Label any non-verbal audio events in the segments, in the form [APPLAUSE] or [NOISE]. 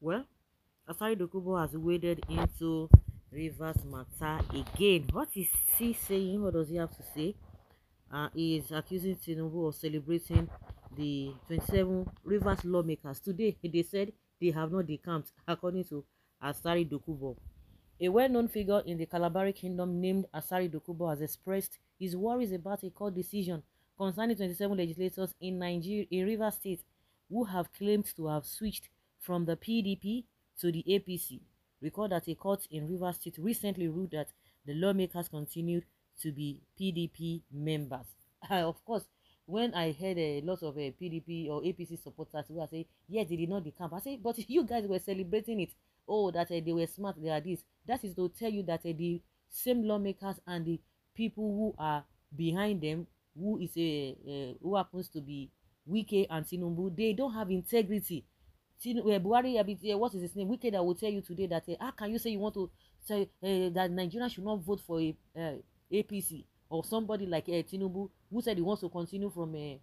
Well, Asari Dokubo has waded into Rivers matter again. What is he saying? What does he have to say? Uh, he is accusing Tinubu of celebrating the twenty-seven Rivers lawmakers. Today, they said they have not decamped, according to Asari Dokubo. A well-known figure in the Kalabari kingdom named Asari Dokubo has expressed his worries about a court decision concerning twenty-seven legislators in Nigeria, in Rivers State, who have claimed to have switched from the PDP to the APC. Recall that a court in River State recently ruled that the lawmakers continued to be PDP members. [LAUGHS] of course, when I heard a lot of uh, a PDP or APC supporters who are saying, yes, they did not decamp. I say, but [LAUGHS] you guys were celebrating it. Oh, that uh, they were smart, they are this. That is to tell you that uh, the same lawmakers and the people who are behind them, who is a uh, who happens to be Wike and sinumbu, they don't have integrity. Eh, Buhari, uh, what is his name? Wike that will tell you today that uh, how can you say you want to say uh, that Nigeria should not vote for a uh, APC or somebody like uh, Tinubu who said he wants to continue from uh,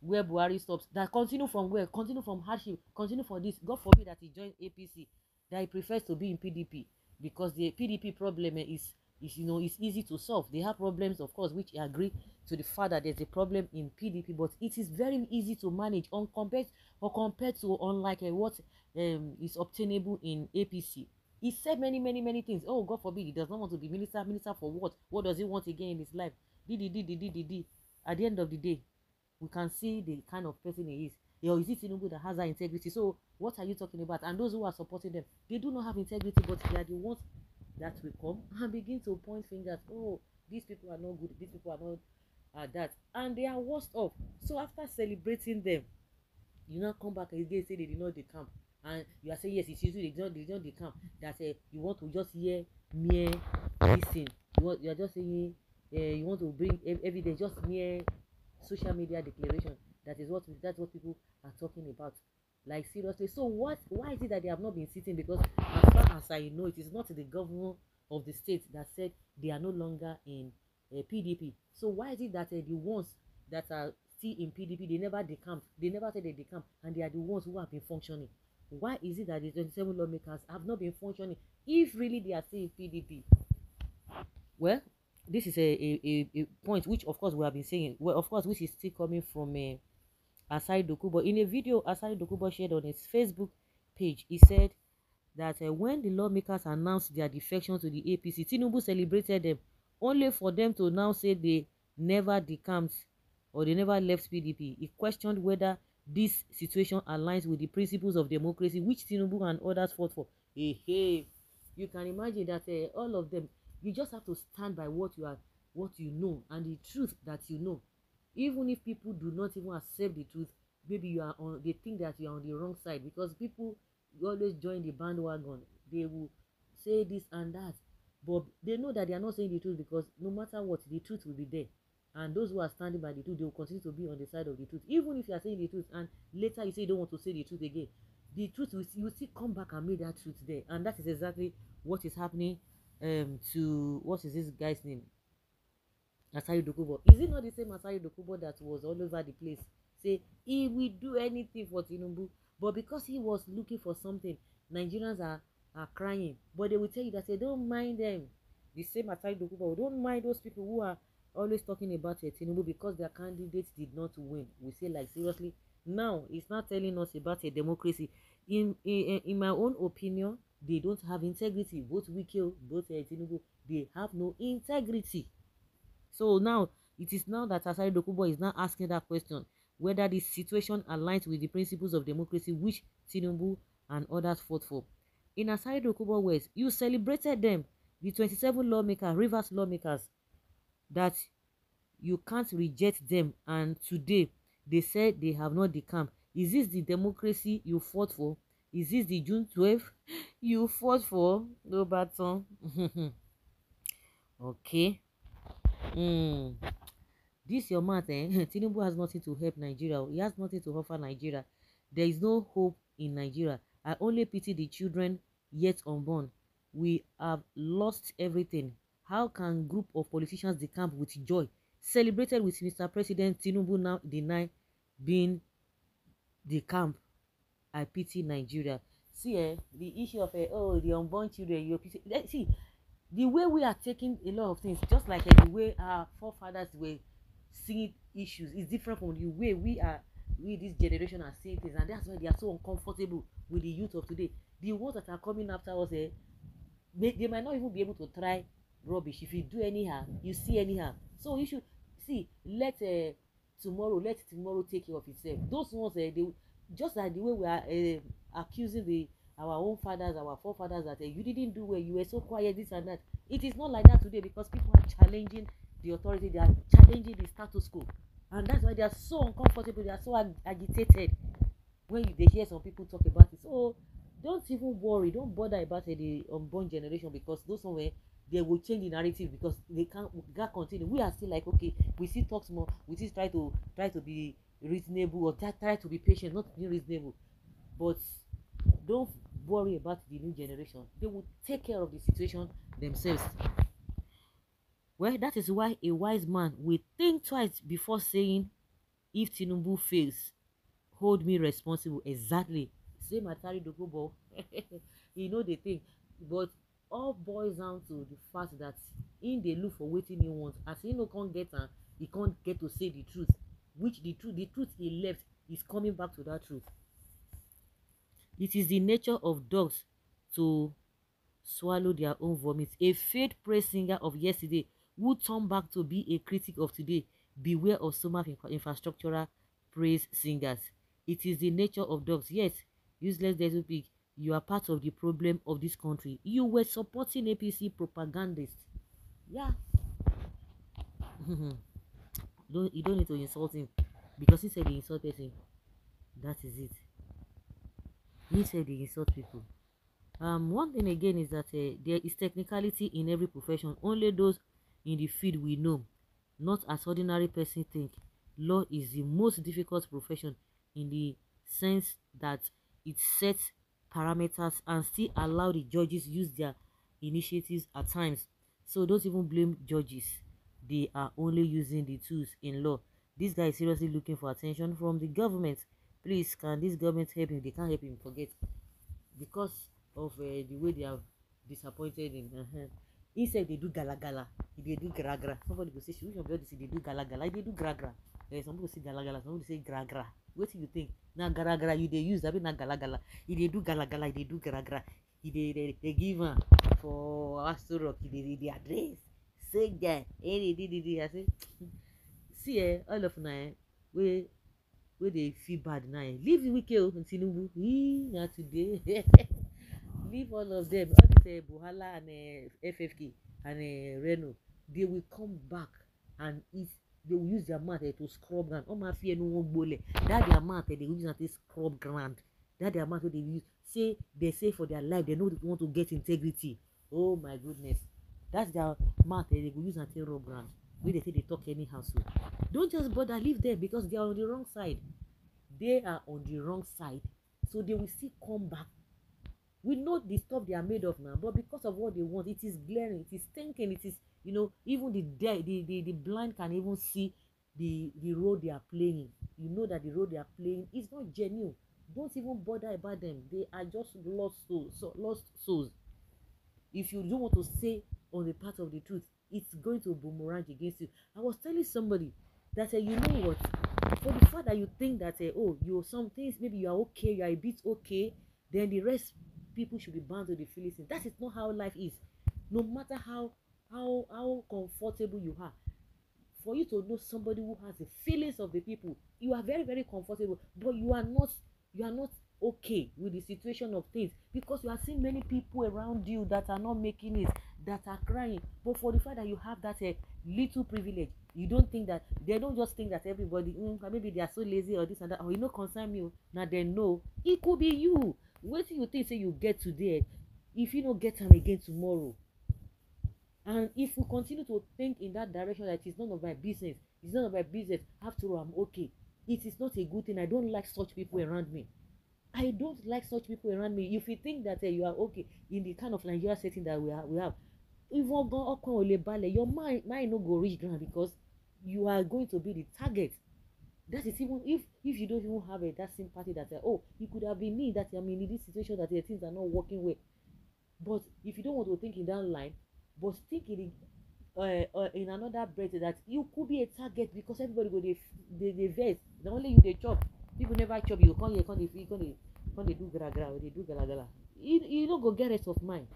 where Buhari stops. That continue from where? Continue from hardship. Continue for this. God forbid that he joins APC. That he prefers to be in PDP because the PDP problem is is you know is easy to solve they have problems of course which I agree to the fact that there's a problem in pdp but it is very easy to manage on compared or compared to unlike uh, what um, is obtainable in APC. He said many, many, many things. Oh, God forbid, he does not want to be minister. Minister for what? What does he want again in his life? D d d d d d d. At the end of the day, we can see the kind of person he is. Or is it Tinubu that has that integrity? So, what are you talking about? And those who are supporting them, they do not have integrity, but they are the ones that will come and begin to point fingers. Oh, these people are not good. These people are not uh, that. And they are worst off. So, after celebrating them, you now come back again say they did not dey camp and you are saying yes it's true they did not they dey camp that uh, you want to just hear mere lis you want you are just saying uh, you want to bring ev evidence just mere social media declaration that is what that is what people are talking about like seriously so what why is it that they have not been sitting because as far as i know it is not the governor of the state that said they are no longer in uh, eh, pdp so why is it that uh, the ones that are still in PDP. They never decamp. They never say they decamp, and they are the ones who have been functioning. Why is it that the 27 lawmakers have not been functioning if really they are still in PDP? Well, this is a, a, a, point which, of course, we have been saying. Well, of course, which is still coming from uh, Asai Dokubo. In a video Asai Dokubo shared on his Facebook page, he said that uh, when the lawmakers announced their defection to the APC, Tinubu celebrated them only for them to now say they never decamped or they never left PDP. He questioned whether this situation aligns with the principles of democracy, which Tinubu and others fought for. Hey, hey. You can imagine that uh, all of them, you just have to stand by what you are, what you know, and the truth that you know. Even if people do not even accept the truth, maybe you are on, they think that you are on the wrong side because people always join the bandwagon. They will say this and that, but they know that they are not saying the truth because no matter what, the truth will be there and those who are standing by the truth they will continue to be on the side of the truth even if you are saying the truth and later you say you don't want to say the truth again the truth will, you will still come back and make that truth there and that is exactly what is happening um to what is this guy's name Asari Dokubo is it not the same Asari Dokubo that was all over the place say he will do anything for Tinubu but because he was looking for something Nigerians are are crying but they will tell you that they don't mind them the same Asari Dokubo don't mind those people who are always talking about a Tinubu because their candidates did not win. We say like seriously, now it's not telling us about a democracy. In in, in my own opinion, they don't have integrity. Both Wikio, both uh, Tinubu, they have no integrity. So now it is now that Asari Dokubo is now asking that question whether the situation aligns with the principles of democracy which Tinubu and others fought for. In Asari Dokubo words, you celebrated them, the twenty-seven lawmakers, Rivers lawmakers, that you can't reject them and today they say they have not decamped. Is this the democracy you fought for? Is this the June 12th [LAUGHS] you fought for? No baton. [LAUGHS] okay. Mm. This your math, eh? [LAUGHS] Tinubu has nothing to help Nigeria. He has nothing to offer Nigeria. There is no hope in Nigeria. I only pity the children yet unborn. We have lost everything. How can group of politicians decamp with joy, celebrated with Mr. President Tinubu now deny being decamped? I pity Nigeria. See, eh, the issue of eh, oh the unborn children, you pity. Eh, see, the way we are taking a lot of things, just like eh, the way our forefathers were seeing issues, is different from the way we are we this generation are seeing things and that's why they are so uncomfortable with the youth of today the ones that are coming after us eh, they, they might not even be able to try rubbish if you do anyhow you see anyhow so you should see let uh, tomorrow let tomorrow take care of itself those ones uh, they just like the way we are uh, accusing the our own fathers our forefathers that uh, you didn't do well you were so quiet this and that it is not like that today because people are challenging the authority they are challenging the status quo and that's why they are so uncomfortable they are so ag agitated when they hear some people talk about it so don't even worry don't bother about uh, the unborn generation because those somewhere they will change the narrative because they can't we can't continue we are still like okay we still talk small we still try to try to be reasonable or try, try to be patient not be reasonable but don't worry about the new generation they will take care of the situation themselves well that is why a wise man will think twice before saying if tinubu fails hold me responsible exactly same i carry the go ball [LAUGHS] You know the thing, but all boils down to the fact that him dey look for wetin he want as he no come get am he come get to say the truth which the truth the truth he left is coming back to that truth it is the nature of dogs to swallow their own vomit a failed praise singer of yesterday who turn back to be a critic of today beware of so much infrastructural praise singers it is the nature of dogs yes useless little pig you are part of the problem of this country you were supporting apc propagandists yeah [LAUGHS] don't you don't need to insult him because he said he insulted him that is it he said he insult people um one thing again is that uh, there is technicality in every profession only those in the field we know not as ordinary person think law is the most difficult profession in the sense that it sets parameters and still allow the judges use their initiatives at times so don't even blame judges they are only using the tools in law this guy is seriously looking for attention from the government please can this government help him they can't help him forget because of uh, the way they have disappointed him uh-huh. he said they do gala gala they do gragra, somebody go say which of say they do gala gala they do gragra, gra uh, eh, some people say gala gala some people say gragra wetin you think na gara gara you dey use abi na gala gala e dey do gala gala e dey do gara gara e dey dey dey give am for aso rock e dey dey address say guy e dey dey dey dey i say hmm. see eh all of una eh wey wey dey feel bad now eh leave wike o oh, tinubu ee na today [LAUGHS] leave all of them all this uh, eh, buhala and uh, eh, ffk and uh, reno they will come back and eat they will use their mouth eh, to scrub ground ọmọ afi ẹnu wọn gbolẹ̀ that their mouth eh, they will use am take scrub ground that their mouth eh, they will use say they say for their life they no want to get integrity oh my goodness that's their mouth eh, they go use am take rub ground wey they say they talk anyhow so don't just bother leave them because they are on the wrong side they are on the wrong side so they will still come back we know the stuff they are made of now but because of what they want it is glaring it is stinking it is you know even the dead the, the the blind can even see the the role they are playing you know that the role they are playing is not genuine don't even bother about them they are just lost souls so lost souls if you don't want to say on the part of the truth it's going to boomerang against you i was telling somebody that uh, you know what for the fact that you think that uh, oh you some things maybe you are okay you are a bit okay then the rest people should be bound to the Philistines. That is not how life is. No matter how how how comfortable you are, for you to know somebody who has the feelings of the people, you are very very comfortable, but you are not you are not okay with the situation of things because you are seeing many people around you that are not making it, that are crying. But for the fact that you have that uh, little privilege, you don't think that they don't just think that everybody mm, maybe they are so lazy or this and that or oh, you know concern me oh, now they know it could be you wetin you think say you get today you fit no get am again tomorrow and if you continue to think in that direction that it's none of my business it's none of my business after all i'm okay it is not a good thing i don't like such people around me i don't like such people around me if you think that uh, you are okay in the kind of nigeria setting that we, are, we have even gan ọkàn ò lè your mind mind no go reach ground because you are going to be the target that is even if if you don't even have a, that sympathy that uh, oh it could have been me that i'm in this situation that the eh, things are not working well but if you don't want to think in that line but think in uh, uh, in another breath that you could be a target because everybody go dey dey dey vex na only you dey chop people never chop you come here come dey feel come dey come dey do gragra or dey do galagala you you no go get rest of mind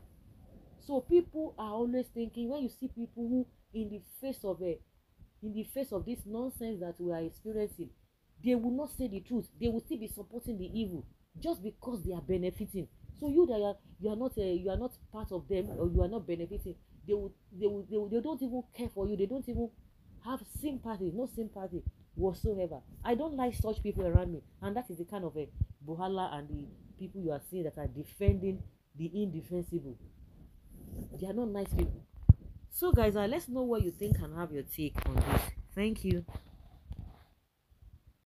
so people are always thinking when you see people who in the face of a in the face of this nonsense that we are experiencing they will not say the truth they will still be supporting the evil just because they are benefiting so you that are you are not uh, you are not part of them or you are not benefiting they will they will they, will, they don't even care for you they don't even have sympathy no sympathy whatsoever i don't like such people around me and that is the kind of a uh, buhala and the people you are seeing that are defending the indefensible they are not nice people So, guys, uh, let's know what you think and have your take on this. Thank you.